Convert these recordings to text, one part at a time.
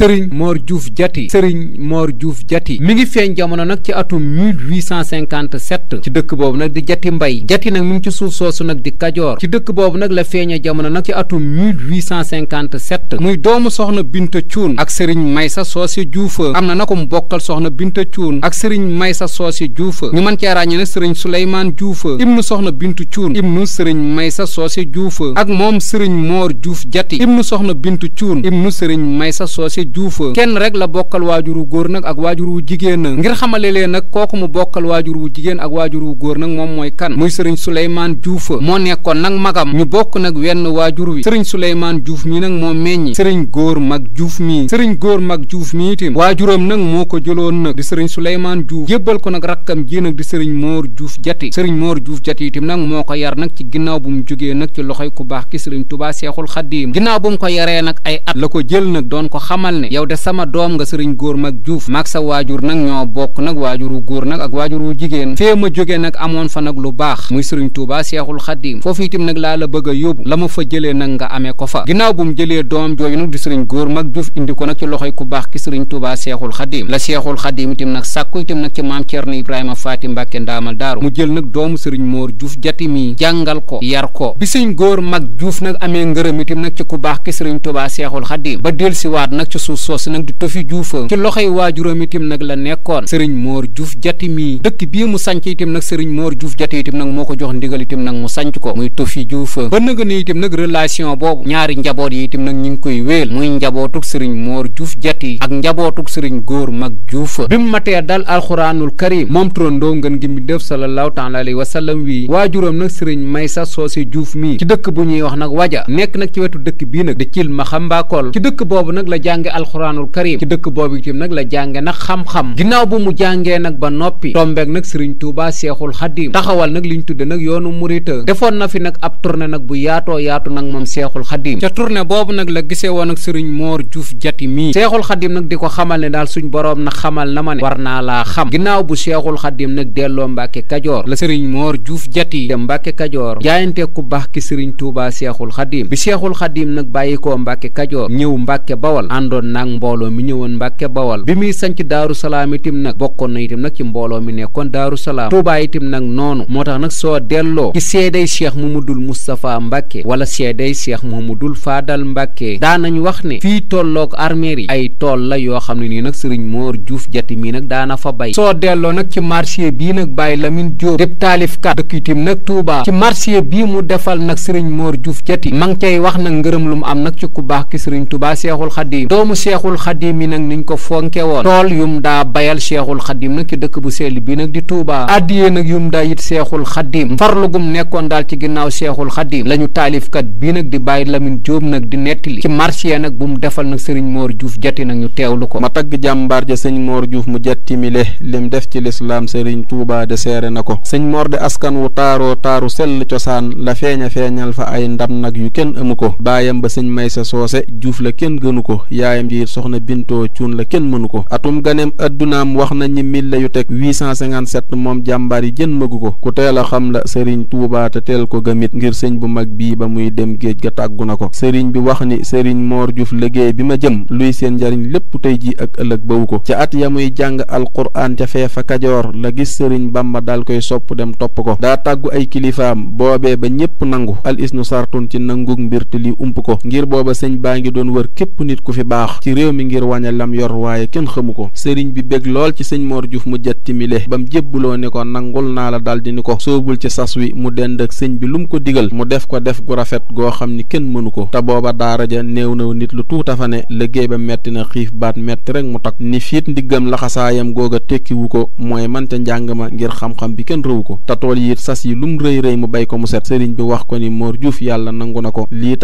sëriñ Mor Diouf Diatty sëriñ Mor Diouf Diatty mi ngi feeñ jamono nag ci atum 1857 ci dëkk boobu nag di Diatty Mbay jati nag mi ngi ci suuf soosu nag di Kajoor ci dëkk boobu nag la feeñee jamono nag ci atum 1857 muy doomu soxna Binta Cuun ak sëriñ Maysa Soose Juufa am na na ko mu bokkal soxna Binta Cuun ak sëriñ Maysa Soose Juufa ñu mën cee ràññee nag sëriñ Suleymaan Juufa ibnu soxna Bintu Cuun ibnu sëriñ Maysa Soose Juufa ak moom sëriñ Mor Diouf Diatty ibnu soxna Bintu Cuun ibnu sëriñ Maysa Soose Diouf kenn rek la bokkal waajur wu góor nag ak waajur wu jigéen ngir xamale leen nag kooku mu bokkal waajur wu jigéen ak waajur wu góor nag moom mooy kan muy sëriñ Souleymane Diouf moo nekkoon nag magam ñu bokk nag wenn waajur wi sëriñ Souleymane juuf mi nag moo meññi sëriñ góor mag Diouf mii sëriñ góor mag Diouf mi itam waajuram nag moo ko jëloon nag di sëriñ Souleymane Diouf jébbal ko nag rakkam ji nag di sëriñ Mor Diouf Jati sëriñ Mor juuf Jati itam nag moo ko yar nag ci ginnaaw bu mu jógee nag ci loxoy ku baax ki sëriñ Touba Seexul Xaddiim ginnaaw bu mu ko yaree nag ay at la ko jël nag doon ne yow de sama doom nga sëriñ góor mag juuf mag sa waajur nag ñoo bokk nag waajuru góor nag ak wu jigéen fee ma jógee nag amoon fa nag lu baax muy sëriñ Tuubaa Seexul Xadiim foofu itam nag laa la bëgg a yóbbu la ma fa jëlee nag amee ko fa ginnaaw bu mu jëlee doom jooju nag di sëriñ góor mag juuf indi ko nag ci loxoy ku baax ki sëriñ a Seexul Xadiim la Seexul Xadiim itam nag sakk itam nag ci maam Ceerno Ibrahima Faati Mbàkke ndaamal daaru mu jël nag doom doomu sëriñ Moor Juuf jati mi jàngal ko yar ko bi góor mag juuf nag amee ngërëm itam nag ci ku baax ki sëriñ Tuubaa suuf soosu nag di Toffi Diouf ci loxoy waajuram itam nag la nekkoon sëriñ moor juuf Diatty mii dëkk bii mu sanc itam nag sëriñ Mor Diouf Diatty itam nag moo ko jox ndigal itam nag mu sanc ko muy Toffi Diouf ba naga ne itam nag relation boobu ñaari njaboot yi itam nag ñu ngi koy wéel muy njabootug sëriñ Mor Diouf Diatty ak njabootug sëriñ góor mag Diouf bi mu matee dal alxuraanul karim moom turandoo ngën gi mi def sallallahu taala alayhi wa sallam wii waajuram nag sëriñ Maysa Soose Diouf mii dëkk bu ñuy wax nag waja nekk nag ci wetu dëkk bii nag cil ma xambaakool ci dëkk boobu nag la jànge alxuraanul karim ci dëkk boobu itam nag la jànge nag xam-xam ginnaaw bu mu jàngee nag ba noppi tombeek nag sëriñ Tuubaa seexul xadim taxawal nag li ñu tudde nag yoonu murita defoon na fi nag ab tournée nag bu yaatoo yaatu nag moom seexul xadim ca tournée boobu nag la gisee woon ak sëriñ Moor Juuf Jati mii seexul xadim nag di ko xamal ne daal suñ boroom na xamal na ma ne war naa laa xam ginnaaw bu seexul xadim nag delloo Mbàkke Kajoor la sëriñ Moor Juuf Jati dem Mbàkke Kajoor jaayante ku baax ki sëriñ Tuubaa seexul xadim bi seexul xadim nag bàyyi koo Mbàkke ñëw Mbàkke Bawal àndoon nag mbooloo mi ñëwoon mbàkke bawal bi muy sanc daaru salaam itam nag bokkoon na itam nag ci mbooloo mi nekkoon daaru salaam tuubaa itam nag noonu moo tax nag soo delloo ci mu mu dul moustapha mbàkke wala seeday cheikh mamadul faadal mbàkke nañu wax ne fii tolloog armeer yi ay tool la yoo xam ne nii nag sëriñ moor juuf jati mii nag daana fa bay soo delloo nag ci marché bii nag bàyyi lamin jóob dép taalifkat dëkk itam nag tuubaa ci marché bii mu defal nag sëriñ moor juuf jati ma wax nag ngërëm lu mu nag ci ku baax ki sëriñ doomu seexul xadim yi nag niñ ko fonke woon tool yum daa bayal seexul xadim nag ci dëkk bu sell bi nag di Touba addiyee nag yum daa yit seexul xadim farlugum nekkoon daal ci ginnaaw seexul xadim lañu taalifkat bii nag di bàyyi Lamine Diop nag di nettali ci marché nag bu mu defal nag sëriñ Mor Diouf jatti nag ñu teewlu ko ma tagg jàmbaar ja sëñ moor juuf mu jatti mi le lim def ci lislaam sëriñ Touba de seere na ko sëñ moor de askan wu taaroo taaru sell cosaan la feeña feeñal fa ay ndam nag yu kenn amu ko baayam ba sëñ Maysa Soose Diouf la kenn gënu ko yaay yaayam ji soxna moom jàmbaar yi jën mëgu ko ku teel a xam la sëriñ Tuubaa te teel ko gamit ngir sëñ bu mag bii ba muy dem géej ga tàggu na ko sëriñ bi wax ni sëriñ Moor Juuf liggéey bi ma jëm luy seen njariñ lépp tey ji ak ëllëg bawu ko ca at ya muy jàng alquraan ca feefa kajoor la gis sëriñ Bamba daal koy sopp dem topp ko daa tàggu ay kilifaam boobee ba ñépp nangu al isnu sartun ci nangug mbir li ump ko ngir booba sëñ baa ngi doon wër képp nit ku fi baax dox ci réew mi ngir wàññe lam yor waaye kenn xamu ko sëriñ bi bég lool ci sëñ Mor Diouf mu jat timile ba mu jébbuloo ni ko nangul naa la daldi ni ko sóobul ci sas wi mu dend ak sëñ bi lu mu ko digal mu def ko def gu rafet goo xam ni kenn mënu ko te booba daara ja néew naw nit lu tuuta fa ne liggéey ba metti na xiif baat metti rek mu takk ni fiit ndiggam laxasaayam googa tekkiwu ko mooy man ca njàng ma ngir xam-xam bi kenn rëwu ko te tool yi sas yi lu mu rëy rëy mu bay ko mu set sëriñ bi wax ko ni Mor Diouf yàlla nangu na ko lii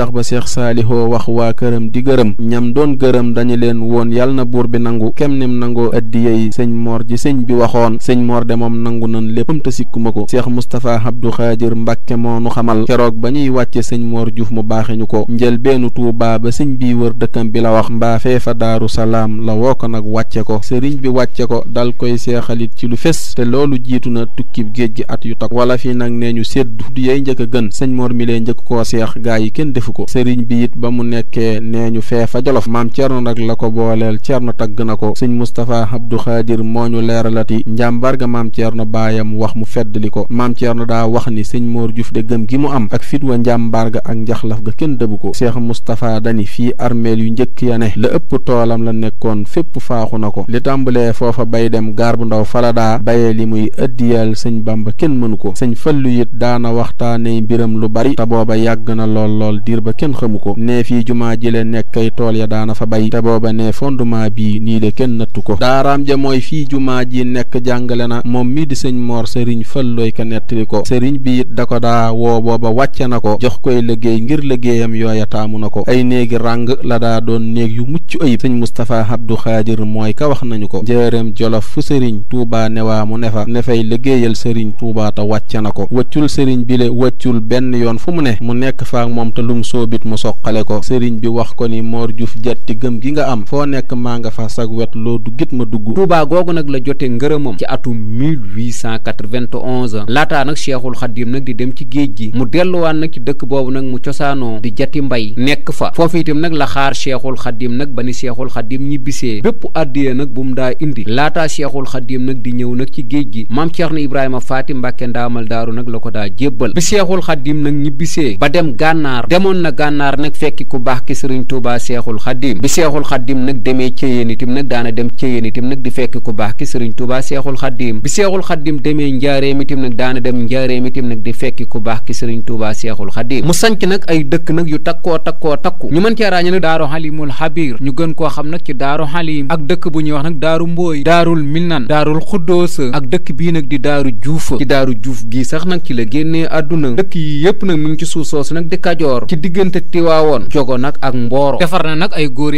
ngërëm dañu leen woon yàlla na buur bi nangu kem nim nangoo addiya yi sëñ moor ji sëñ bi waxoon sëñ moor de moom nangu nan léppam te sikkuma ko seex mustapha abdu xaadir mbàkke moo nu xamal keroog ba ñuy wàcce sëñ moor juuf mu baaxe ñu ko njël beenu tuubaa ba sëñ bii wër dëkkam bi la wax mbaa feefa daaru salaam la woo ko nag wàcce ko sëriñ bi wàcce ko dal koy seexalit ci lu fes te loolu jiitu na tukkib géej gi at yu tak wala fii nag nee ñu sedd du yey njëkk gën sëñ moor mi njëkk koo seex gaa cerno nag la ko booleel cerno tagg na ko sëñ Moustapha Abdou Khadir moo ñu leeralati njàmbar ga maam cerno baayam wax mu feddli ko maam cerno daa wax ni sëñ Mor Diouf de gëm gi mu am ak fit wa njàmbar ga ak njaxlaf ga kenn dëbu ko Cheikh Moustapha dani fii armeel yu njëkk ya ne la ëpp toolam la nekkoon fépp faaxu na ko li tàmbalee foofa bay dem gaar bu ndaw fala daa bayee li muy ëddiyal sëñ Bamba kenn mënu ko sëñ Fallu it daana waxtaaney mbiram lu bari te booba yàgg na lool lool diir ba kenn xamu ko nee fii jumaa jile nekkay fa bay te booba ne fondement bi nii de kenn nattu ko daaraam ja mooy fii jumaa ji nekk jàngale na moom mi di sëñ moor sëriñ fallooy ka nettali ko sëriñ bi it da ko daa woo booba wàcce na ko jox koy liggéey ngir liggéeyam yooya taamu na ko ay néegi ràng la daa doon néeg yu mucc ayib sëñ Moustapha Abdou Xaadir mooy ka wax nañu ko njéeréem jolof fu sëriñ tuuba ne waa mu ne fa liggéeyal sëriñ Touba te wàcce na ko wëccul sëriñ bi le wëccul benn yoon fu mu ne mu nekk gëm gi nga am foo nekk maa nga fa sag wet loo du git ma dugg Touba googu nag la jote ngërëmam ci atum 1891 laataa nag Cheikhul Khadim nag di dem ci géej gi mu delluwaan nag ci dëkk boobu nag mu cosaanoo di jati mbay nekk fa foofu itam nag la xaar Cheikhul Khadim nag ba ni Cheikhul Khadim ñibbisee bépp àddiya nag bu mu daa indi laataa Cheikhul Khadim nag di ñëw nag ci géej gi maam Cheikhna Ibrahima Faati Mbàkke ndaamal daaru nag la ko daa jébbal bi Cheikhul Khadim nag ñibbisee ba dem gànnaar demoon na gànnaar nag fekki ku baax ki Sëriñ Touba Cheikhul Khadim bi seexul xaddim nag demee céyéen itam nag daana dem céyéen itam nag di fekk ku baax ki sëriñ tubaa seexul xaddim bi seexul xaddim demee njaareem itam nag daana dem njaareem itam nag di fekki ku baax ki sëriñ tubaa seexul xaddim mu sanc nag ay dëkk nag yu takkoo takkoo takku ñu mën cee ràññe nag daaru xalimul xabir ñu gën koo xam nag ci daaru xalim ak dëkk bu ñuy wax nag daaru mbooy daarul minan daarul xuddoos ak dëkk bii nag di daaru juufa ci daaru juuf gii sax nag ci la génnee àdduna dëkk yi yépp nag mu ci suuf soosu nag di kajoor ci diggante tiwaawoon jogo nag ak mbooro defar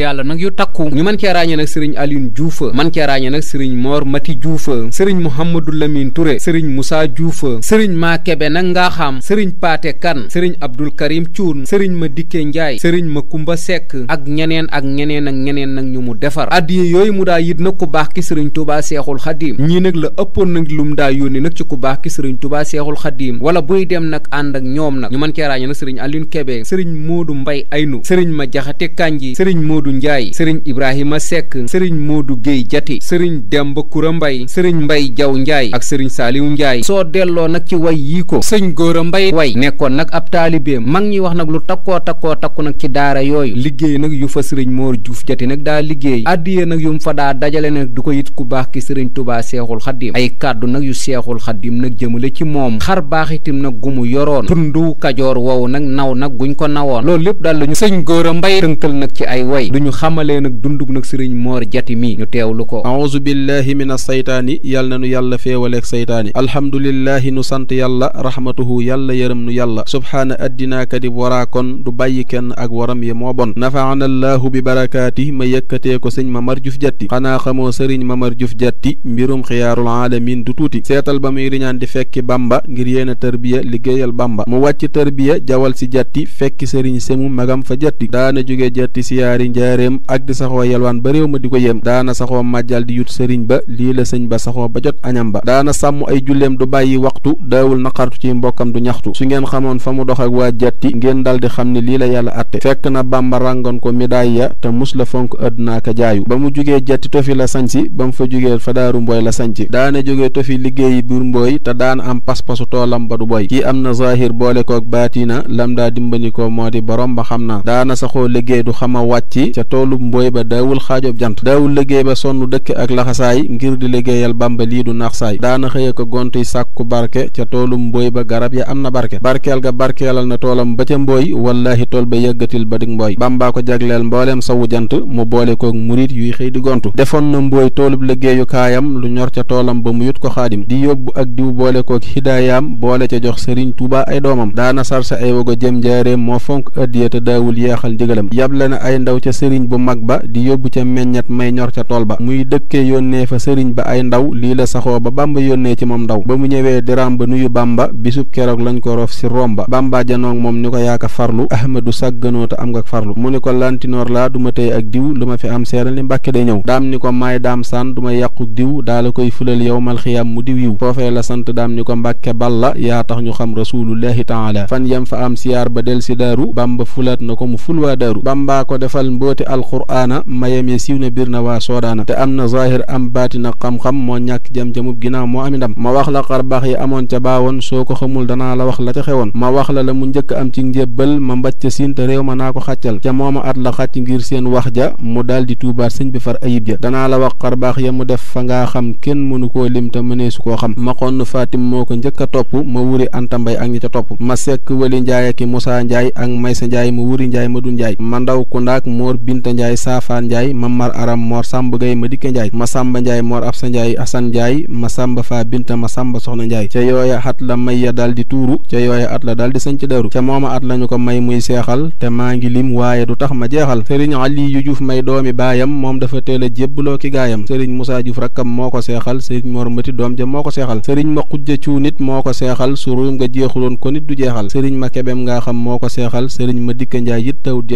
yàlla nag yu takku ñu mën cee ràññee nag sëriñ Alioune Diouf mën cee ràññee nag sëriñ Mor Mati Diouf sëriñ Mouhamadou Lamine Touré sëriñ Moussa Diouf sëriñ Makebe nag ngaa xam sëriñ Paate Kan sëriñ Abdul Karim Cuun sëriñ ma Dikke Njaay sëriñ ma Kumba Sekk ak ñeneen ak ñeneen ak ñeneen nag ñu mu defar addiye yooyu mu daa yit nag ku baax ki sëriñ Tuubaa Seexul Xadiim ñii nag la ëppoon nag lu daa yónni nag ci ku baax ki sëriñ Tuubaa Seexul Xadiim wala buy dem nag ànd ak ñoom nag ñu mën cee ràññee nag sëriñ Alioune Kebe sëriñ Modou Ndiaye sëriñ Ibrahima Seck sëriñ Modou Guèye Diaty sëriñ Demba Koura Mbaye sëriñ Mbaye Diaw Ndiaye ak sëriñ Saliou njaay soo delloo nag ci way yii ko sëñ Gora mbay way nekkoon nag ab taalibeem mag ñi wax nag lu takkoo takkoo takku nag ci daara yooyu liggéey nag yu fa sëriñ moo Diouf Diaty nag daa liggéey addiye nag yu mu fa daa dajale nag du ko it ku baax ki sëriñ Touba Seexul Xaddim ay kàddu nag yu Seexul Xaddim nag jëmale ci moom xar baax itam nag gu mu yoroon tundu kajoor wow nag naw du ñu xamalee nag dundug nag sëriñ moor jati mi ñu teewlu ko aouzu billahi min asaytaani yal na nu yàlla féewaleeg saytaani alhamdulillahi nu sant yàlla rahmatuhu yàlla yërëm nu yàlla subhaana addinaa kadib waraa kon du bàyyi kenn ak waram yi moo bon nafaana allaahu bi barakaati ma yëkkatee ko sëñ mamar juf jatti xanaa xamoo sëriñ mamar juf jatti mbirum xiyaarul aalamin du tuuti seetal ba muy riñaan di fekki bamba ngir yéen a tërbiya liggéeyal bamba mu wàcc tërbiya jawal si jatti fekki sëriñ semu magam fa jatti daana jóge njaareem ak di saxoo yelwaan ba réew ma di ko yéem daana saxoo màjjal di yut sëriñ ba lii la sëñ ba saxoo ba añam ba daana sàmm ay julleem du bàyyi waxtu daawul naqartu ci mbokkam du ñaxtu su ngeen xamoon fa mu dox ak waa jatti ngeen dal xam ne lii la yàlla atte fekk na bàmba ràngoon ko midaay ya te mus la fonk àdduna jaayu ba mu jógee jatti tofi la sañsi ba mu fa jógee fa daaru mbooy la sañsi daana jógee tofi liggéeyi biir mbooy te daana am pas-pasu toolam ba du boy kii am na zahir boole koog baatina lam daa dimbanikoo moo di borom ba xam na ca toolub mbooy ba daawul xaajoob jant daawul liggéey ba sonn dëkk ak laxasaay ngir di liggéeyal bamba lii du naax saay daana xëy ko gontuy sàkku barke ca toolum mbooy ba garab ya am na barke barkeel ga barkeelal na toolam ba ca mbooy wallaahi tool ba yëggatil ba dig mbooy bambaa ko jagleel mbooleem sawu jant mu boole koog murit yuy xëy di gontu defoon na mbooy toolub liggéeyu kaayam lu ñor ca toolam ba mu yut ko xaadim di yóbbu ak diw boole koog hidaayaam boole ca jox sëriñ tuuba ay doomam daana sarse ay wago jëm njaareem moo fonk addiya te daawul yeexal sëriñ bu mag ba di yóbbu ca meññat may ñor ca tool ba muy dëkkee yónnee fa sëriñ ba ay ndaw lii la saxoo ba bamba yónnee ci moom ndaw ba mu ñëwee diram ba nuyu bamba bisub keroog lañ ko rof si ba bamba janoog moom ni ko yaaka farlu ahmadu sàgganoo te am nga farlu mu ni ko lantinoor laa du ma tey ak diw lu ma fi am seeral ni mbàkke day ñëw daam ni ko maay daam saan du ma yàqu diw daa la koy fulal yow mal xiyaam mu di yiw foofee la sant daam ni ko mbàkke bal la yaa tax ñu xam rasulullahi taala fan yam fa am siyaar ba del si daaru bamba fulaat na ko xóote alquraana mayamee siiw na biir na waa soodaana te am na zaahir am baatina xam-xam moo ñàkk jam-jamub moo ami ndam ma wax la xar baax yi amoon ca baawoon soo ko xamul danaa la wax la ca xewoon ma wax la la mu njëkk am ci njébbal ma mbaj ca siin te naa ko xàccal ca mooma at la xàcc ngir seen wax ja mu daal di tuubaat sëñ bi far ayib ja danaa la wax xar baax ya mu def fa ngaa xam kenn mënu koo lim te mënee su koo xam ma xonn Fatim moo ko njëkk topp ma wuri Anta Mbay ak topp ma sekk wali Njaay ak Musaa Njaay ak Maysa Njaay ma wuri Njaay ma du Njaay ma ndaw ku ndaak moor Binta Ndiaye Safa Ndiaye Mamar Aram Mor Samba Gueye ma Ndiaye Masamba Ndiaye Mor Absa Ndiaye Assane Ndiaye Masamba Fa Binta Masamba Soxna Ndiaye ca yooya at la may ya daal di tuuru ca yooya at la daal di sañc daru ca mooma at lañu ko may muy seexal te maa ngi lim waaye du tax ma jeexal sëriñ Ali yu Juuf may doomi baayam moom dafa teel a loo ki gaayam sëriñ Moussa Juuf rakkam moo ko seexal sëriñ Mor Mati doom ja moo ko seexal sëriñ ma xujja cuu nit moo ko seexal suruum nga jeexuloon ko nit du jeexal sëriñ ma kebem ngaa xam moo ko seexal sëriñ ma dikka Ndiaye it tawut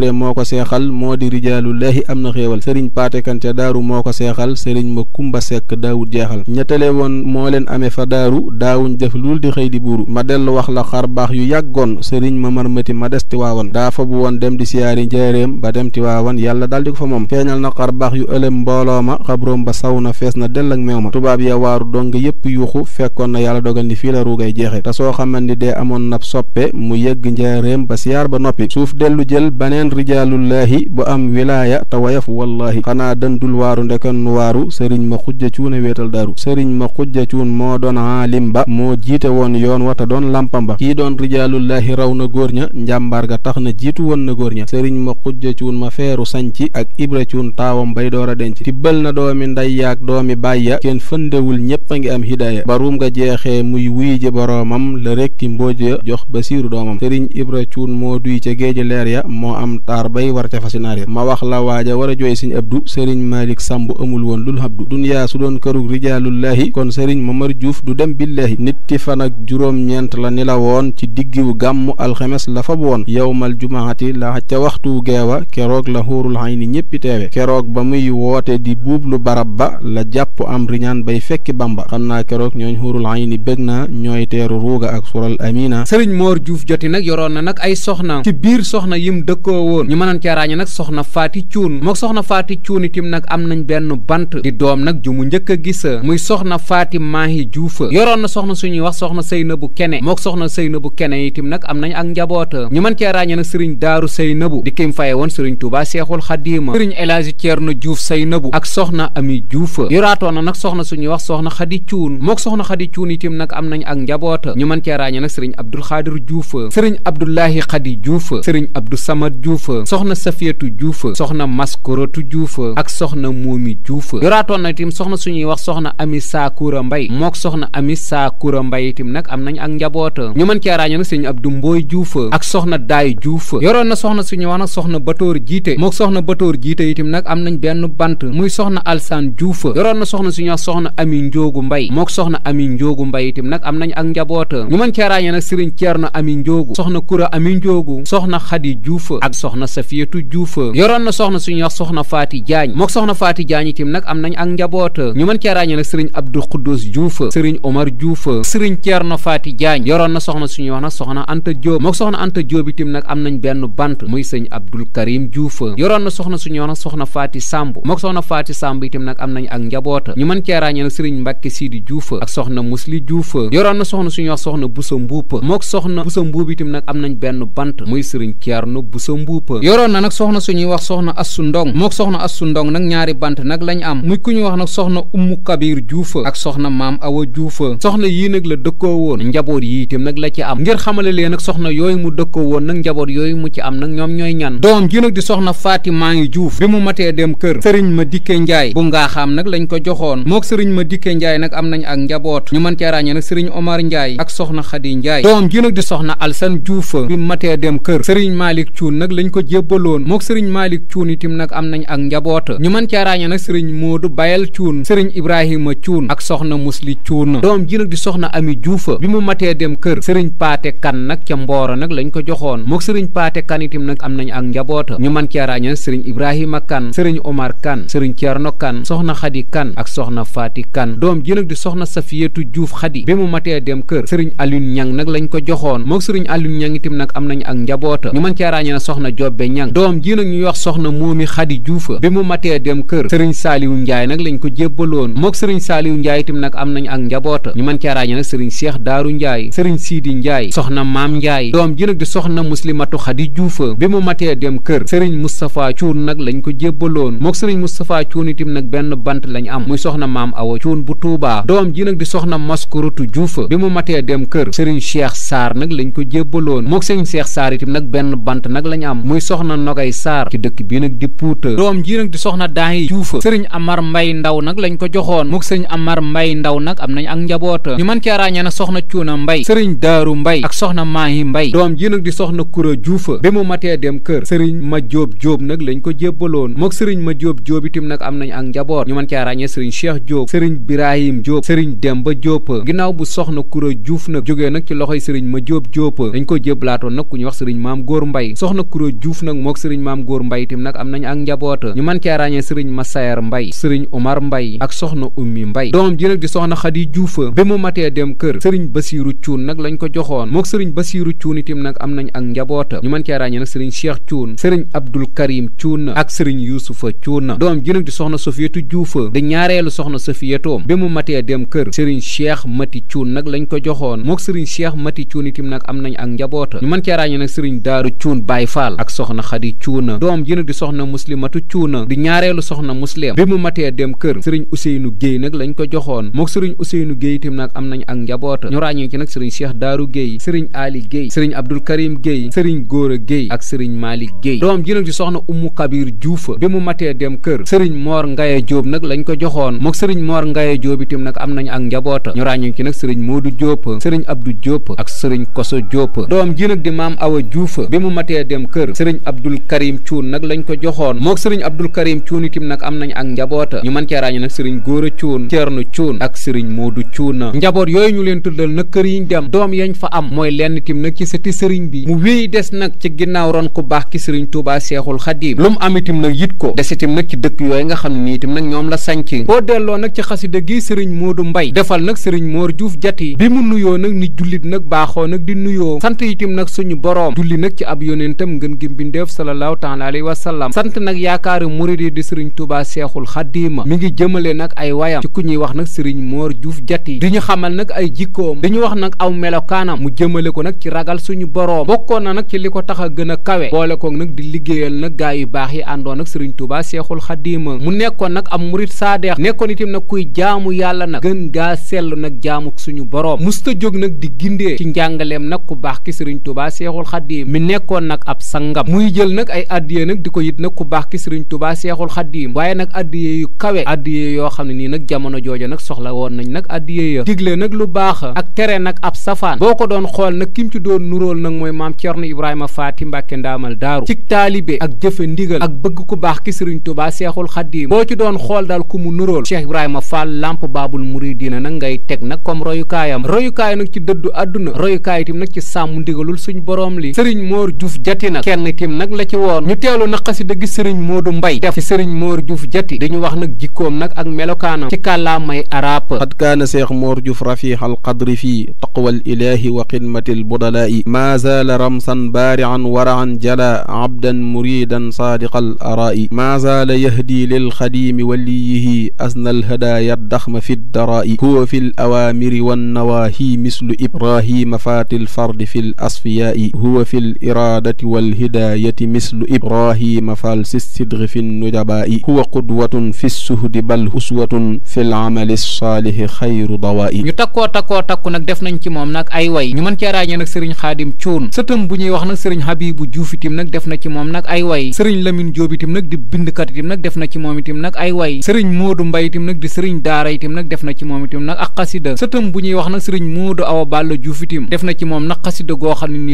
Touré moo ko seexal moo di rijaalullahi am na xéewal sëriñ Paate Kan ca daaru moo ko seexal sëriñ ma kumba sekk daawud jeexal ñettale di xëy di buuru ma dellu wax la xar baax yu yàggoon sëriñ ma marmati ma des tiwaawan daa fa woon dem di siyaari njaaréem ba dem tiwaawan yàlla dal di ko fa moom feeñal na xar baax yu ëlëm mbooloo ma xabroom ba saw na fees na dell ak meew ma tubaab ya waaru dong yépp yuuxu fekkoon na yàlla dogal ni fii la ruugay jeexe te soo xaman ni dee amoon nab soppe mu yegg njaaréem ba siyaar ba noppi suuf dellu jël baneen doon rijaalullaahi ba am wilaaya te wayaf wallaahi xanaa dandul waaru ndeken nu waaru sëriñ ma xujja cuune weetal daaru sëriñ ma xujja cuun moo doon aalim ba moo jiite woon yoon wa te doon lampam ba kii doon rijaalullaahi raw na góor ña njàmbaar ga tax na jiitu woon na góor ña sëriñ ma xujja cuun ma feeru sañci ak ibra cuun taawam bay door a denc tibbal na doomi nday yaak doomi bàyy ya kenn fëndewul ñépp a ngi am hidaaya baruum nga jeexee muy wuy ji boroomam la rekki mbóoj taar bay war ca fasi naaréer ma wax la waaja war a jooy sëñ abdu sëriñ maalik sàmb amul woon lul habdu dunyaa su doon kërug rijaalullaahi kon sëriñ mamar juuf du dem billaahi nitti fan ak juróom-ñeent la ni la woon ci diggiwu gàmmu alxemes la fab woon yowmal jumaati la ca waxtu geewa keroog la xuurul xay ni ñéppi teewe keroog ba muy woote di buub lu barab ba la jàpp am riñaan bay fekki bamba xam naa keroog ñooñ xuurul xay ni bëgg na ñooy teeru ruuga ak sural amina sëriñ woon ñu mënoon cee nag soxna faati cuun mook soxna faati cuun itim nag am nañ benn bant doom nag ju mu njëkk a gisa muy soxna faati maahi juufa yoroon na soxna suñuy wax soxna seynabu kene mook soxna seynabu kene itim nag am nañ ak njaboota ñu man cee ràññe nag sëriñ daaru seynabu di kim faye woon sëriñ tuuba seexul xadiima sëriñ elaaji ceerno juuf seynabu ak soxna ami juufa yoraatoon na nag soxna suñuy wax soxna xadi cuun mook soxna xadi cuun itim nag am nañ ak njaboota ñu cee ràññe nag sëriñ abdul xaadir juufa sëriñ abdullahi xadi juufa sëriñ abdu juufa Diouf soxna Safiyatu Diouf soxna Maskoratu Diouf ak soxna Moomi Diouf yoraatoon na itam soxna suñuy wax soxna Ami Saakura Mbay mook soxna Ami Saakura Mbay itam nag am nañ ak njaboot ñu mën cee ràññee nag sëñ Abdou Mbooy Diouf ak soxna Daay Diouf yoroon na soxna suñuy wax nag soxna Batoor Jiite mook soxna Batoor Jiite itam nag am nañ benn bant muy soxna Alsaan Diouf yoroon na soxna suñuy wax soxna Ami Njoogu Mbay mook soxna Ami Njoogu Mbay itam nag am nañ ak njaboot ñu man cee ràññee nag sëriñ Ceerno Ami Njoogu soxna Kura Ami Njoogu soxna Xadi Diouf soxna Safiyatu Juuf yoroon na soxna suñuy wax soxna Faati Jaañ mook soxna Faati Jaañ itam nag am nañ ak njaboot ñu mën cee ràññee nag sëriñ Abdou Xuddus Juuf sëriñ Omar Juuf sëriñ Ceerno Faati Jaañ yoroon na soxna suñuy wax nag soxna Anta Jóob mook soxna Anta Jóob itam nag am nañ benn bant muy sëñ Abdul Karim Juuf yoroon na soxna suñuy wax nag soxna Faati Sàmb mook soxna Faati Sàmb itam nag am nañ ak njaboota ñu mën cee ràññee nag sëriñ Mbàkke Siidi Juuf ak soxna Musli Juuf yoroon na soxna suñuy wax soxna Busa Mbuup mook soxna Busa Mbuup itam nag am nañ benn bant muy sëriñ buupa yoroon na nag soxna suñuy wax soxna assu ndong mook soxna assu ndong nag ñaari bant nag lañ am muy ku ñuy wax nag soxna ummu kabir juufa ak soxna maam awa juufa soxna yii nag la dëkkoo woon njaboot yi itam nag la ci am ngir xamale leen nag soxna yooyu mu dëkkoo woon nag njaboot yooyu mu ci am nag ñoom ñooy ñan doom ji nag di soxna faatimaa ngi juuf bi mu matee dem kër sëriñ ma dikke njaay bu ngaa xam nag lañ ko joxoon mook sëriñ ma dikke njaay nag am nañ ak njaboot ñu mën cee ràññee nag sëriñ omar njaay ak soxna xadi njaay doom ji lañ ko jébbaloon mook sëriñ Malick Thioune itam nag am nañ ak njaboota ñu mën caa ràññee nag sëriñ Modou Bayel Thioune sëriñ Ibrahima Thioune ak soxna Musli Thioune doom ji nag di soxna Ami Diouf bi mu matee dem kër sëriñ Paate Kan nag ca Mbooro nag lañ ko joxoon mook sëriñ Paate Kan itam nag am nañ ak njaboota ñu mën caa ràññee sëriñ Ibrahima Kan sëriñ Omar Kan sëriñ Thierno Kan soxna xadi Kan ak soxna Faati Kan doom ji nag di soxna Safiyatu Diouf Khady bi mu matee dem kër sëriñ Alioune Ñang nag lañ ko joxoon mook sëriñ Alioune Ñang nag am nañ ak soxna jobbe ñang doom ji nag ñuy wax soxna moomi xadi juufa bi mu matee dem kër sëriñ saaliwu njaay nag lañ ko jébbaloon mook sëriñ saaliwu njaay itam nag am nañ ak njaboota ñu mën cee ràññee nag sëriñ seex daaru njaay sëriñ siidi njaay soxna maam njaay doom ji nag di soxna mu matee dem kër sëriñ moustapha cuun nag lañ ko jébbaloon mook sëriñ moustapha cuun itam nag benn bant lañ am muy soxna maam awa cuun bu tuubaa doom ji nag di soxna maskurutu bi mu matee dem kër sëriñ cheikh saar nag lañ ko jébbaloon mook sëriñ cheikh saar itam nag benn bant nag lañ am muy soxna Nogay Sarr ci dëkk bi nag di Puuta doom ji nag di soxna Daay Juufa sëriñ Amar Mbay Ndaw nag lañ ko joxoon muk sëriñ Amar Mbay Ndaw nag am nañ ak njaboota ñu mën cee ràññee na soxna Cuuna Mbay sëriñ Daaru Mbay ak soxna Maahi Mbay doom ji nag di soxna Kura Juufa bi mu matee dem kër sëriñ Ma Jóob Jóob nag lañ ko jébbaloon mook sëriñ Ma Jóob Jóob itim nag am nañ ak njaboot ñu mën cee ràññee sëriñ Cheikh Jóob sëriñ Birahim Jóob sëriñ Demba Jóob ginnaaw bu soxna Kura Juuf nag jógee nag ci loxoy sëriñ Ma Jóob Jóob dañ ko jébbalaatoon nag ku ñu wax sëriñ Maam Góor Mbay Lo Diouf nag mook sëriñ maam góor mbay itam nag am nañ ak njaboota ñu mën cee ràññee sëriñ Masayer mbay sëriñ Omar mbay ak soxna ummi mbay doomam ji nag di soxna Xadi Diouf bi mu matee dem kër sëriñ Basiiru Cuun nag lañ ko joxoon mook sëriñ Basiiru Cuun itam nag am nañ ak njaboota ñu mën cee ràññee nag sëriñ Cheikh Cuun sëriñ Abdul Karim Cuun ak sëriñ Yuusufa Cuun doomam ji nag di soxna Sofiyatu Diouf di ñaareelu soxna Sofiyatoom bi mu matee dem kër sëriñ Cheikh Mati Cuun nag lañ ko joxoon mook sëriñ Cheikh Mati Cuun itam nag am nañ ak njaboota ñu mën cee ràññee nag sëriñ Daaru Cuun Baay Faal ak soxna xadi cuuna doom ji na di soxna muslimatu cuuna di ñaareelu soxna muslim bi mu matee dem kër sëriñ Ousseynou Guèye nag lañ ko joxoon mook sëriñ Ousseynou Guèye itam nag am nañ ak njaboota ñu ràññee ci nag sëriñ Cheikh Daaru Guèye sëriñ Ali Guèye sëriñ Abdul Karim Guèye sëriñ Góora Guèye ak sëriñ Malick Guèye doom ji nag di soxna Umu Kabir Diouf bi mu matee dem kër sëriñ moor Ngaye Diop nag lañ ko joxoon mook sëriñ moor Ngaye Diop itam nag am nañ ak njaboota ñu ràññee nag sëriñ Modou Diop sëriñ Abdou Diop ak sëriñ Koso Diop doom ji nag kër sëriñ Abdul Karim Cuun lañ ko joxoon mook sëriñ Abdul Karim Cuun itim nag am nañ ak njaboota ñu mën cee ràññe nag sëriñ Góora Cuun Ceerno Cuun ak sëriñ Moodu Cuun njaboot yooyu ñu leen tuddal nag kër yiñ dem doom yañ fa am mooy lenn itim nag ci sëti sëriñ bi mu wéy des nag ci ginnaaw ron ku baax ki sëriñ Tuubaa Seexul Xadiim lu mu am itim nag yit ko des itim nag ci dëkk yooyu nga xam ne ni itim nag ñoom la sanc boo delloo nag ci xasida gi sëriñ Moodu Mbay defal nag sëriñ Moor Juuf Jati bi mu nuyoo nag ni jullit nag baaxoo nag di nuyoo sant itim nag suñu boroom julli nag ci ab yonentam ngën gi mbindeef salallaahu taala alayhi wa sallam sant nag yaakaari murid yi di sëriñ Touba Seexul Xadiima mi ngi jëmale nag ay wayam ci ku ñuy wax nag sëriñ Moor Juuf Jati di ñu xamal nag ay jikkoom di ñu wax nag aw melokaanam mu jëmale ko nag ci ragal suñu boroom bokkoon na nag ci li ko tax a gën a kawe boole koog nag di liggéeyal nag gaa yi baax yi àndoon ak sëriñ Touba Seexul Xadiima mu nekkoon nag am murid saadeex nekkoon itam nag kuy jaamu yàlla nag gën gaa sell nag jaamu suñu boroom musta jóg nag di gindee ci njàngaleem nag ku baax sangam muy jël nag ay addiye nag di ko yit nag ku baax ki sëriñ tubaa seexul xaddiim waaye nag addiye yu kawe addiye yoo xam ne nii nag jamono jooja nag soxla woon nañ nag addiye ya digle nag lu baax ak tere nag ab safaan boo ko doon xool nag kim ci doon nuróol nag mooy maam Cerno Ibrahima Faati Mbàkke ndaamal daaru cig taalibe ak jëfe ndigal ak bëgg ku baax ki sëriñ tubaa seexul xaddiim boo ci doon xool dal ku mu nuróol Cheikh Ibrahima Fall lamp baabul muridina nag ngay teg nag comme royukaayam royukaay nag ci dëddu àdduna royukaay itam nag ci sàmm ndigalul suñ borom li sëriñ Moor Juuf Jati nag kenn kim nag la ci woon ñu teelu na xasida gi sëriñ Moodu Mbay def ci sëriñ Moor Juuf jati di ñu wax nag jikkoom nag ak melokaanam ci kàllaamay arab xad kaana seex Moor Juuf rafiixal qadri fii taqwal ilaahi wa xidmatil budalaa'i maa zaala ramsan baarian waraan jala abdan muridan saadiqal araa'i maa zaala yahdi lil xadiimi waliyihi asnal hadaaya daxma fi daraa'i huwa fi l awaamiri wannawaahi mislu ibrahima faati l fardi fi l asfiyaa'i huwa fi l iraadati wal hidaayati mislu ibrahima fal si sidri fi i huwa qudwatun fi suhdi bal uswatun fi lamali saalihi xayru dawaa'i ñu takkoo takkoo takku nag def nañ ay nag sëriñ xaadim cuun sëtëm bu ñuy wax nag sëriñ habibu juuf nag def na ci moom nag ay way sëriñ lamin jóob itim nag di bindkat nag def na ci moom itim nag ay way sëriñ moodu mbay itim nag di sëriñ daara nag def na ci moom itim nag ak xasida sëtëm bu ñuy wax nag sëriñ moodu awa def na ci moom nag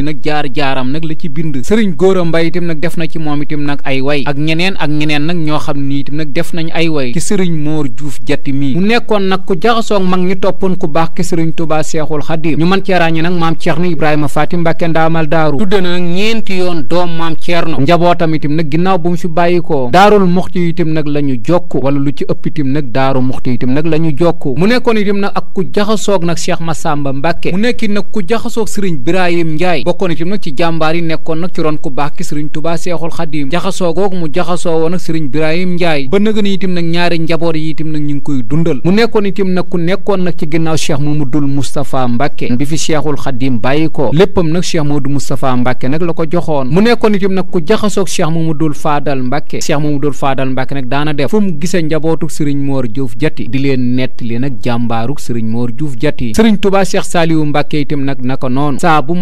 nag jaar jaaram nag la ci bind góor a mbay itam nag def na ci moom itam nag ay way ak ñeneen ak ñeneen nag ñoo xam ni itam nag def nañ ay way ci sëriñ moor juuf Jatti mii mu nekkoon nag ku jaxasoog mag toppoon ku baax ki sëriñ Touba Seexul Xadim ñu mën cee ràññee nag maam Ceerno Ibrahima Fatim Mbàkke Ndaamal Daaru tudde na nag ñeenti yoon doom maam Ceerno njabootam itam nag ginnaaw bu mu fi bàyyikoo daarul muxti itam nag la ñu jokk wala lu ci ëpp nag daaru muxti itam nag la ñu jokk mu nekkoon itam nag ak ku jaxasoog nag Cheikh Massamba Mbàkke mu nekki nag ku jaxasoog sëriñ Birahim Njaay bokkoon itam nag ci jàmbaar yi nekkoon nag ci ron ku baax ki sëriñ tubaa seexul xadim jaxasoo goog mu jaxasoo woon ak sëriñ birahim njaay ba nëgën itam nag ñaari njaboot yi itam nag ñu ngi koy dundal mu nekkoon itam nag ku nekkoon nag ci ginnaaw cheikh mamadul moustapha mbàkke bi fi cheikhul xadim bàyyi ko léppam nag cheikh mamadou moustapha mbàkke nag la ko joxoon mu nekkoon itam nag ku jaxasoog cheikh mamadul faadal mbàkke cheikh mamadul faadal mbàkke nag daana def fu mu gisee njabootuk sëriñ moor juuf jati di leen nettali nag jàmbaaruk sëriñ moor juuf jati sëriñ tubaa cheikh saaliwu mbàkke itam nag naka noonu saa bu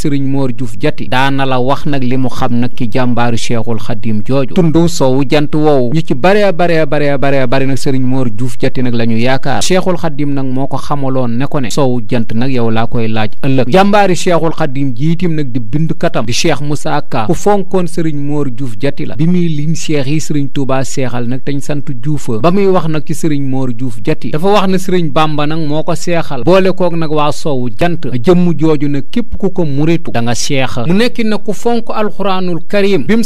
sëriñ moor juuf jati daana la wax nag li mu xam nag ci jàmbaaru cheikhul xadim jooju tundu soowu jant woowu ñu ci baree baree baree baree bari nag sëriñ Mor juuf jati nag la ñu yaakaar cheikhul xadim nag moo ko xamaloon ne ko ne soowu jant nag yow laa koy laaj ëllëg jàmbaari cheikhul xadim jiitim nag di bind katam di cheikh Moussa Ka ku fonkoon sëriñ Mor Diouf jati la bi muy lim cheikh yi sëriñ Touba seexal nag dañ sant Diouf ba muy wax nag ci sëriñ Mor Diouf jati dafa wax na sëriñ Bamba na moo ko seexal boole koog nag waa soowu jant jëmm jooju nag nekkin na ku fonk alxuraanul karim bi mu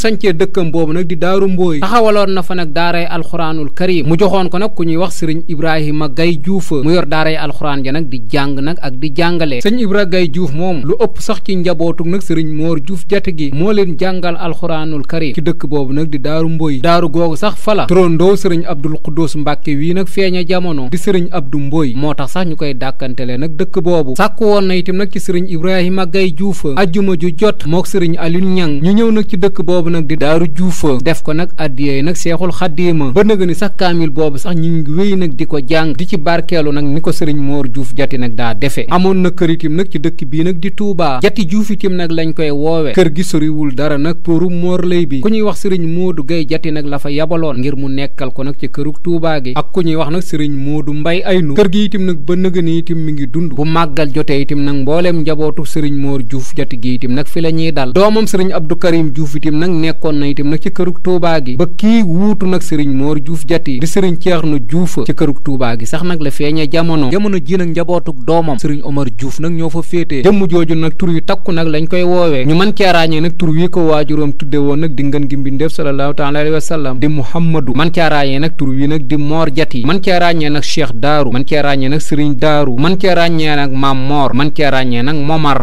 boobu nag di daaru mbooy taxawaloon na fa nag daaray alxuraanul karim mu joxoon ko nag ku ñuy wax sëriñ ibrahima gay juufa mu yor daaray alxuraan ja nag di jàng nag ak di jàngale sëñ ibra gay juuf moom lu ëpp sax ci njabootug nag sëriñ moor juuf jate gi moo leen jàngal alxuraanul karim ci dëkk boobu nag di daaru mbooy daaru googu sax fala trondoo sëriñ abdul xuddoos mbàkke wii nag feeña jamono di sëriñ abdu mbooy moo tax sax ñu koy dàkkantele nag dëkk boobu sàkku woon na itam nag ci sëriñ ibrahima gay juufa ajjuma ju jot mook sëriñ Aliou Niang ñu ñëw nag ci dëkk boobu nag di daaru juufa def ko nag addiyee nag seexul xaddiima ba nëga ni sax kaamil boobu sax ñu ngi wéy nag di ko jàng di ci barkeelu nag ni ko sëriñ Mor Diouf jati nag daa defe amoon na kër itam nag ci dëkk bii nag di Touba jati Diouf itam nag lañ koy woowe kër gi soriwul dara nag poru moor lay bi ku ñuy wax sëriñ Modou Gueye jati nag la fa yabaloon ngir mu nekkal ko nag ci kërug tuubaa gi ak ku ñuy wax nag sëriñ moo Modou Mbay Aynu kër gi itam nag ba nëga ni itam mi ngi dund bu màggal jotee itam nag mbooleem njabootu sëriñ Mor ñuy dal doomam sëriñ Abdou Karim Diouf itam nag nekkoon na itam nag ci kërug Touba gi ba kii wuutu nag sëriñ Mor Diouf Jati di sëriñ Ceerno Diouf ci kërug Touba gi sax nag la feeñee jamono jamono ji nag njabootug doomam sëriñ Omar Diouf nag ñoo fa féetee jëmm jooju nag tur yu takku nag lañ koy woowee ñu mën cee ràññee nag tur wi ko waajuróom tudde woon nag di ngën gi mbindeef sallallahu taala alayhi wa sallam di Muhammadu man cee ràññee nag tur wi nag di Mor Jati man cee ràññee nag Daaru man cee ràññee nag sëriñ Daaru man cee ràññee nag Maam Mor man cee ràññee nag Momar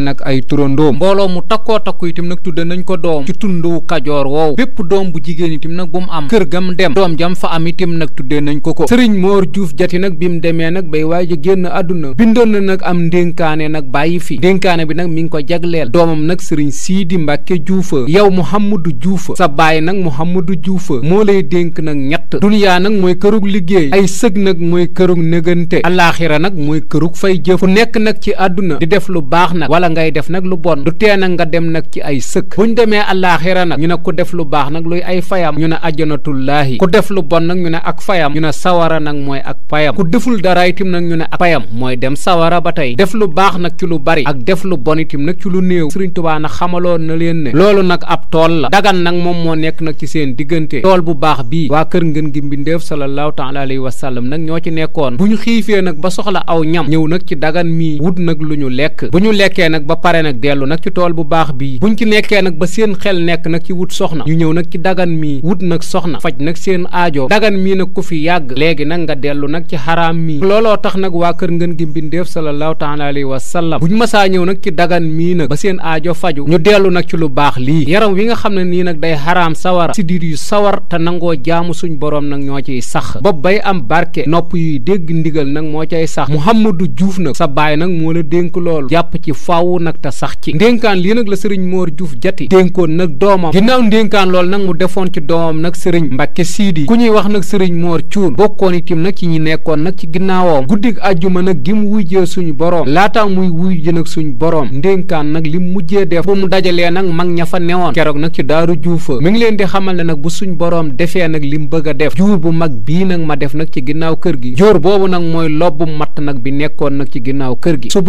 nag ay turandoom mbooloo mu takkoo takku itam nag tudde nañ ko doom ci tundu kajoor woow bépp doom bu jigéen itam nag bu mu am kër gam dem doom jam fa am itam nag tuddee nañ ko ko sëriñ Moor Juuf Jati nag bi mu demee nag bay waaj a génn àdduna bindoon na nag am ndénkaane nag bàyyi fi ndénkaane bi nag mi nga ko jagleel doomam nag sëriñ di Mbàkke Juufa yow Muhammadu Juufa sa baay nag Muhammadu Juufa moo lay dénk nag ñett duniyaa nag mooy kërug liggéey ay sëg nag mooy kërug négante alaaxira nag mooy kërug fay jëf ku nekk nag ci àdduna di def lu baax nag wala ngay def def nag lu bon du tee nag nga dem nag ci ay sëkk buñ demee àllaaxira nag ñu ne ku def lu baax nag luy ay fayam ñu ne ajjanatullaahi ku def lu bon nag ñu ne ak fayam ñu ne sawara nag mooy ak payam ku deful dara itam nag ñu ne ak payam mooy dem sawara ba tey def lu baax nag ci lu bari ak def lu bon itam nag ci lu néew Sëriñ Tuubaa nag xamaloon na leen ne loolu nag ab tool la dagan nag moom moo nekk nag ci seen diggante tool bu baax bii waa kër ngeen gi mbindéef sallallahu taala alayhi wa sallam nag ñoo ci nekkoon bu ñu xiifee nag ba soxla aw ñam ñëw nag ci dagan mii wut nag lu ñu lekk bu ñu lekkee nag ba pare nag dellu nag ci tool bu baax bii buñ ci nekkee nag ba seen xel nekk nag ci wut soxna ñu ñëw nag ci dagan mii wut nag soxna faj nag seen aajo dagan mii nag ku fi yàgg léegi nag nga dellu nag ci xaraam mii looloo tax nag waa kër ngeen gi mbindeef sallallahu taala alayhi wa sallam buñ masaa ñëw nag ci dagan mii nag ba seen aajo faju ñu dellu nag ci lu baax lii yaram wi nga xam ne nii nag day xaraam sawara si diir yu sawar te nangoo jaamu suñu boroom nag ñoo ciy sax bopp bay am barke nopp yuy dégg ndigal nag moo cay sax Muhammadu Juuf nag sa baay nag moo la dénk loolu jàpp ci faaw nag te sax ci ndénkaan lii nag la sëriñ Mor Diouf Diatty dénkoon nag doomam ginnaaw ndénkaan loolu nag mu defoon ci doomam nag sëriñ Mbacke Sidi ku ñuy wax nag sëriñ moor Cuun bokkoon itim nag ci ñu nekkoon nag ci ginnaawam guddik àjjuma nag gi mu wujjee suñu boroom laataa muy wujje nag suñu boroom ndénkaan nag li mu mujjee def bu mu dajalee nag mag ña fa newoon keroog nag ci daaru juufa mi ngi leen di xamal ne nag bu suñu boroom defee nag li mu bëgg a def juur bu mag bii nag ma def nag ci ginnaaw kër gi jóor boobu nag mooy lobbu matt nag bi nekkoon nag ci ginnaaw kër gi su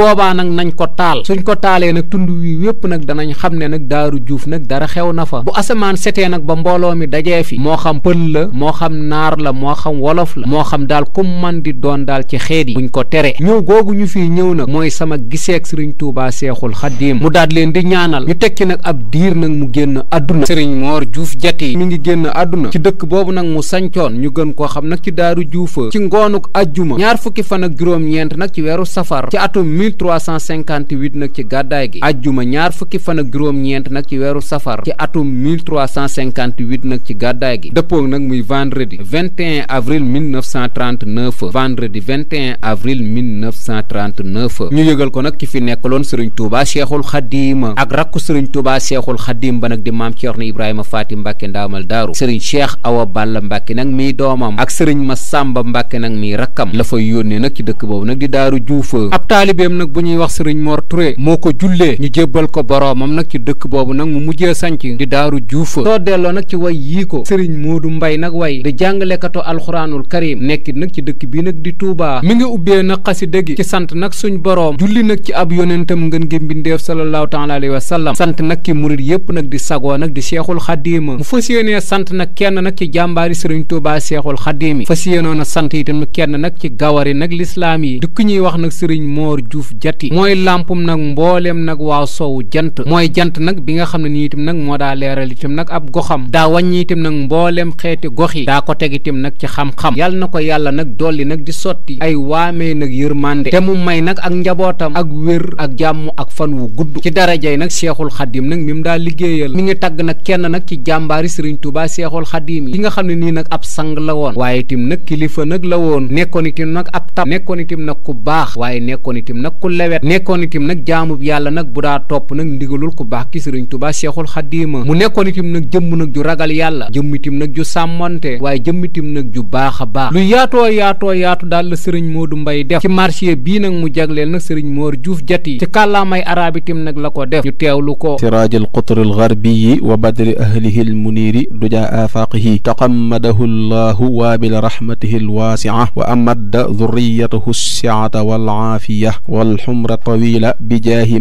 loolee nag tund wii wépp nag danañ xam ne nag daaru juuf nag dara xew na fa bu asamaan setee nag ba mbooloo mi dajee fi moo xam pël la moo xam naar la moo xam wolof la moo xam daal kum man di doon daal ci xeet yi buñ ko tere ñëw googu ñu fii ñëw nag mooy sama giseeg sëriñ Tuubaa Seexul Xaddiim mu daat leen di ñaanal ñu tekki nag ab diir nag mu génn àdduna sëriñ Moor Juuf Jati mi ngi génn àdduna ci dëkk boobu nag mu sancoon ñu gën koo xam nag ci daaru juufa ci ngoonuk ajjuma ñaar fukki fan ak nag ci weeru safar ci atum 1358 nag ci gàdd gàddaay gi ajjuma ñaar fukki fan ak juróom-ñeent nag ci weeru safar ci atum 1358 nag ci gàddaay gi dëppoog nag muy vendredi 21 avril 1939 vendredi 21 avril 1939 ñu yëgal ko nag ki fi nekkaloon sëriñ Touba Cheikhul Khadim ak rakku sëriñ Touba Cheikhul Khadim ba nag di maam Thierno Ibrahima Faati Mbacke Ndaamal Daaru sëriñ Cheikh Awa Balla Mbacke nag mii doomam ak sëriñ ma sàmba Mbacke nag miy rakkam la fay yónnee nag ci dëkk boobu nag di Daaru Juuf ab taalibeem nag bu ñuy wax sëriñ Mor jullee ñu jébbal ko boroomam nag ci dëkk boobu nag mu mujjee sanc di daaru juufa soo delloo nag ci way yii ko sëriñ du mbay nag way di jàngalekatu alxuraanul karim nekkit nag ci dëkk bi nag di tuubaa mi ngi ubbee nag xasida gi ci sant nag suñ boroom julli nag ci ab yonentam ngën gi mbindeef sallallahu taala alayhi wa sallam sant nag ki murit yépp nag di sagoo nag di seexul xadiima mu fas yéenee sant nag kenn nag ci jàmbaari sëriñ tuubaa seexul xadiimi fas yéenoon a itam kenn nag ci gawari nag lislaam yi di ku ñuy wax nag mboolem nag waa sow jant mooy jant nag bi nga xam ne nii itam nag moo daa leeral itam nag ab goxam daa wàññi itam nag mboolem xeeti gox yi daa ko teg nag ci xam-xam yàlla na ko yàlla nag dolli nag di sotti ay waamee nag yërmande te mu may nag ak njabootam ak wér ak jàmm ak fan wu gudd ci darajay nag seexul xadim nag mi mu daa liggéeyal mi ngi tagg nag kenn nag ci jàmbaari sëriñ Tuubaa seexul xadim yi ki nga xam ne nii nag ab sang la woon waaye itam nag kilifa nag la woon nekkoon itam nag ab tab nekkoon itam nag nag ku lewet nekkoon yàlla nag bu daa topp nag ndigalul ku baax ki sëriñ tubaa seexul xaddiima mu nekkoon itam nag jëmm nag ju ragal yàlla jëmm itam nag ju sàmmante waaye jëmm itam nag ju baax a baax lu yaatoo yaatoo yaatu daal la sëriñ Moodu Mbay def ci marché bii nag mu jagleel nag sëriñ Moor Juuf Jati ci kàllaamay arab itam nag la ko def ñu teewlu ko siraajil qutril garbiyi wa badri ahlihi lmuniiri duja aafaqihi taqammadahu llahu wa birahmatihi lwaasia wa amadda dhurriyatahu siata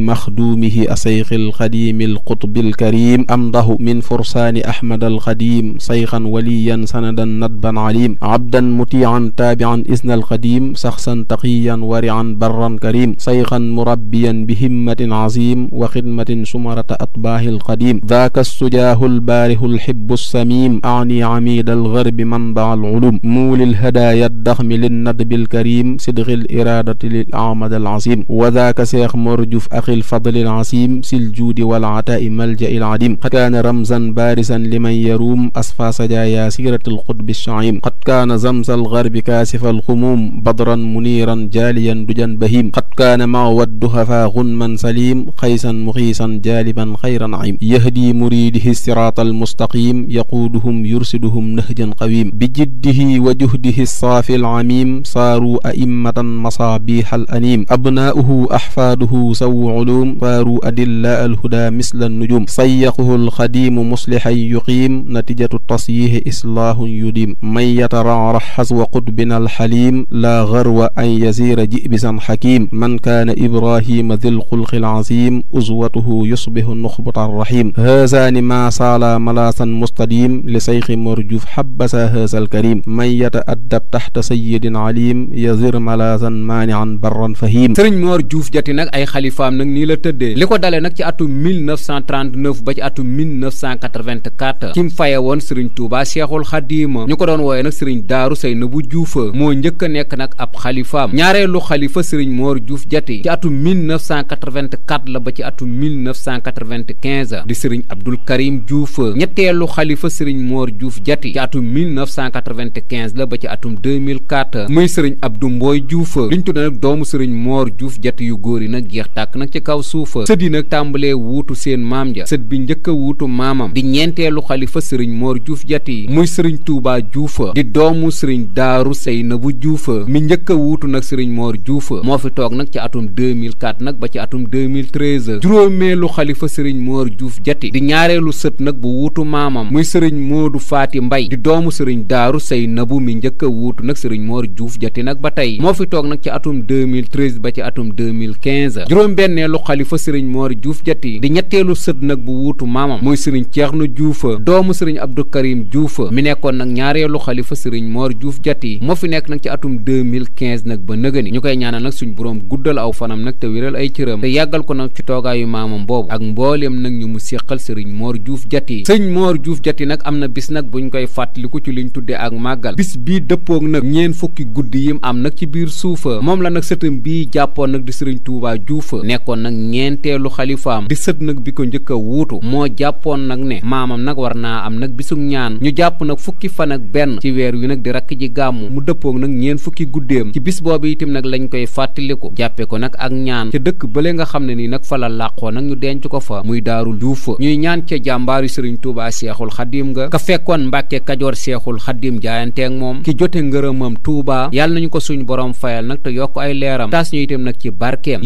maxduumihi asayxi alxadiimi alqutbi alkarim amdahu min fursaani ahmad alxadim sayxan waliyan sanadan nadban alim abdan mutiican taabican isna alqadim saxsan taqiyan warican barran karim sayxan murabbiyan bihimmatin cazim wa xidmatin sumarata atbaahi alqadim daaka assujaahu albaarihu alxibbu alsamim acni camiida algarbi manbaca alculum muuli alhadaaya addaxmi linnadbi alkarim sidqi aliraadati lil acmad alcazim wa daaka seex mor juuf axi شيخ الفضل العصيم سل الجود والعطاء ملجأ العديم قد كان رمزا بارزا لمن يروم أصفى سجايا سيرة القطب الشعيم قد كان زمز الغرب كاسف الخموم بدرا منيرا جاليا دجا بهيم قد كان معوى الدهفى غنما سليم خيسا مخيسا جالبا خير نعيم يهدي مريده الصراط المستقيم يقودهم يرسدهم نهجا قويم بجده وجهده الصافي العميم صاروا أئمة مصابيح الأنيم أبناؤه أحفاده سوع العلوم صاروا أدلاء الهدى مثل النجوم صيقه الخديم مصلحا يقيم نتيجة التصييح إصلاح يديم من يترعرح حسو قطبنا الحليم لا غرو أن يزير جئبسا حكيم من كان إبراهيم ذي الخلق العظيم أزوته يصبح النخبة الرحيم هذان ما صالا ملاسا مستديم لشيخ مرجوف حبس هذا الكريم من يتأدب تحت سيد عليم يزر ملاسا مانعا برا فهيم sëriñ Mor Diouf Diatty nag ay xalifaam nag nii la tëddee li ko dalee nag ci atum 1939 ba ci atum 1984 kim faye woon sëriñ Touba Cheikhul Xadiima ñu ko doon wooye nag sëriñ Daaru Saynabu Juuf moo njëkk a nekk nag ab xalifaam ñaareelu xalifa sëriñ Moor Juuf Jati ci atum 1984 la ba ci atum 1995 di sëriñ Abdul Karim Juuf ñetteelu xalifa sëriñ Moor Juuf Jati ci atum 1995 la ba ci atum 2004 muy sëriñ Abdou Mbooy Juuf liñ tudde nag doomu sëriñ Moor Juuf Jati yu góor yi nag jeex tàkk nag ci ci kaw suufa sët yi nag tàmbalee wuutu seen maam ja sët bi njëkk a wuutu maamam bi ñeenteelu xalifa sëriñ moor juuf jati muy sëriñ tuubaa juufa di doomu sëriñ daaru saynabu juufa mi njëkk wuutu nag sëriñ moor juufa moo fi toog nag ci atum 2004 nag ba ci atum 2013 juróomeelu xalifa sëriñ moor juuf jati di ñaareelu sët nag bu wuutu maamam muy sëriñ moodu faati mbay di doomu sëriñ daaru saynabu mi njëkk a wuutu nag sëriñ moor juuf jati nag ba tey moo fi toog nag ci atum 2013 ba ci atum 2015 juróom benn ñaareelu xalifa sëriñ moor juuf jati di ñetteelu sët nag bu wuutu maamam mooy sëriñ ceerno juufa doomu sëriñ abdou karim juufa mi nekkoon nag ñaareelu xalifa sëriñ moor juuf jati moo fi nekk nag ci atum 2015 nag ba nëgëni ñu koy ñaanal nag suñu boroom guddal aw fanam nag te wéral ay cëram te yàggal ko nag ci toogaayu maamam boobu ak mbooleem nag ñu mu séqal sëriñ moor juuf jati sëñ moor juuf jati nag am na bis nag bu buñ koy fàttaliku ci lu ñu tudde ak màggal bis bii dëppoog nag ñeen fukki guddi yim am nag ci biir suufa moom la nag bii jàppoon nag di sëriñ tuubaa juufa nekkoon nag ñeenteelu xalifaam di sët nag bi ko njëkk a wuutu moo jàppoon nag ne maamam nag war naa am nag bisug ñaan ñu jàpp nag fukki fan ak benn ci weer wi nag di rakk ji gàmmu mu dëppoog nag ñeen fukki guddeem ci bis boobu itam nag lañ koy fàttaliku jàppe ko nag ak ñaan ca dëkk bële nga xam ne nii nag fa la làqoo nag ñu denc ko fa muy daarul juufa ñuy ñaan ca jàmbaaru sëriñ Tuubaa seexul xadim nga ka fekkoon Mbàkke Kajoor seexul xadim jaayanteeg moom ki jote ngërëmam Tuubaa yàlla nañu ko suñ borom fayal nag te yokk ay leeram nag ci barkeem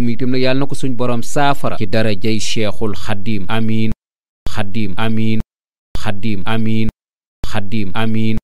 réew mi itam na ko suñ boroom saafara ci darajay cheikhul xaddiim amiin xaddiim amiin xaddiim amiin